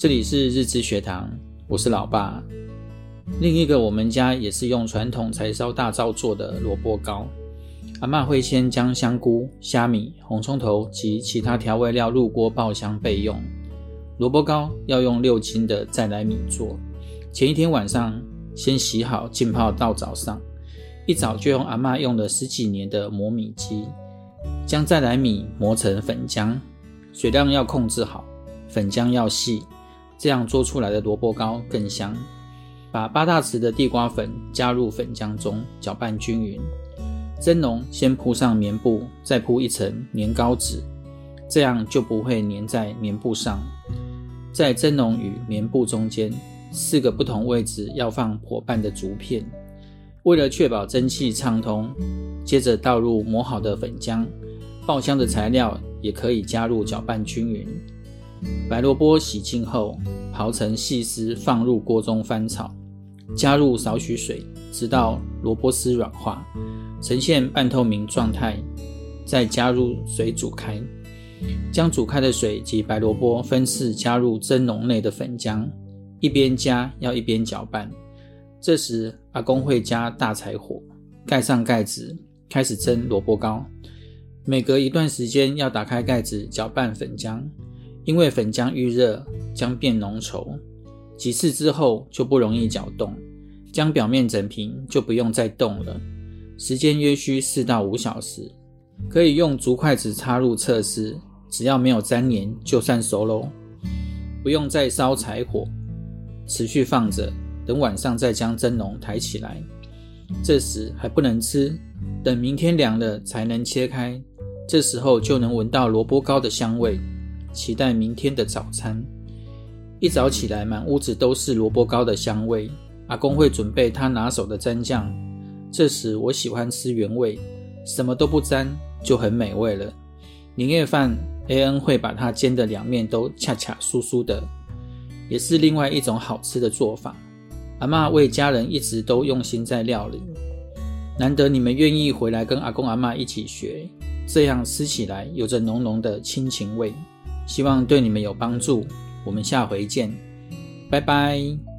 這裡是日知學堂，我是老爸。另一個我們家也是用傳統柴燒大灶做的蘿蔔糕。阿嬤會先將香菇、蝦米、紅蔥頭及其他調味料入鍋爆香備用。蘿蔔糕要用六斤的在來米做，前一天晚上先洗好浸泡到早上，一早就用阿嬤用了十幾年的磨米機，將在來米磨成粉漿，水量要控制好，粉漿要細。這樣做出來的蘿蔔糕更香。把八大匙的地瓜粉加入粉漿中，攪拌均勻。蒸籠先鋪上棉布，再鋪一層年糕紙，這樣就不會粘在棉布上。在蒸籠與棉布中間，四個不同位置要放剖半的竹片，為了確保蒸汽暢通。接着倒入磨好的粉漿，爆香的材料也可以加入，攪拌均勻。白蘿蔔洗淨後刨成細絲，放入鍋中翻炒，加入少許水，直到蘿蔔絲軟化，呈現半透明狀態，再加入水煮開。將煮開的水及白蘿蔔分次加入蒸籠內的粉漿，一邊加要一邊攪拌。這時阿公會加大柴火，蓋上蓋子，開始蒸蘿蔔糕。每隔一段時間要打開蓋子攪拌粉漿。因為粉漿遇熱將變濃稠，幾次之後就不容易攪動，將表面整平就不用再動了。時間約需四到五小時，可以用竹筷子插入測試，只要沒有粘連就算熟嘍。不用再燒柴火，持續放着，等晚上再將蒸籠抬起來。這時還不能吃，等明天涼了才能切開。這時候就能聞到蘿蔔糕的香味。期待明天的早餐。一早起來，滿屋子都是蘿蔔糕的香味。阿公會準備他拿手的蘸醬，這時我喜歡吃原味，什麼都不沾就很美味了。年夜飯，A N 會把它煎的兩面都恰恰酥酥的，也是另外一種好吃的做法。阿嬤為家人一直都用心在料理，難得你們願意回來跟阿公阿嬤一起學，這樣吃起來有着濃濃的親情味。希望對你們有幫助，我們下回見，拜拜。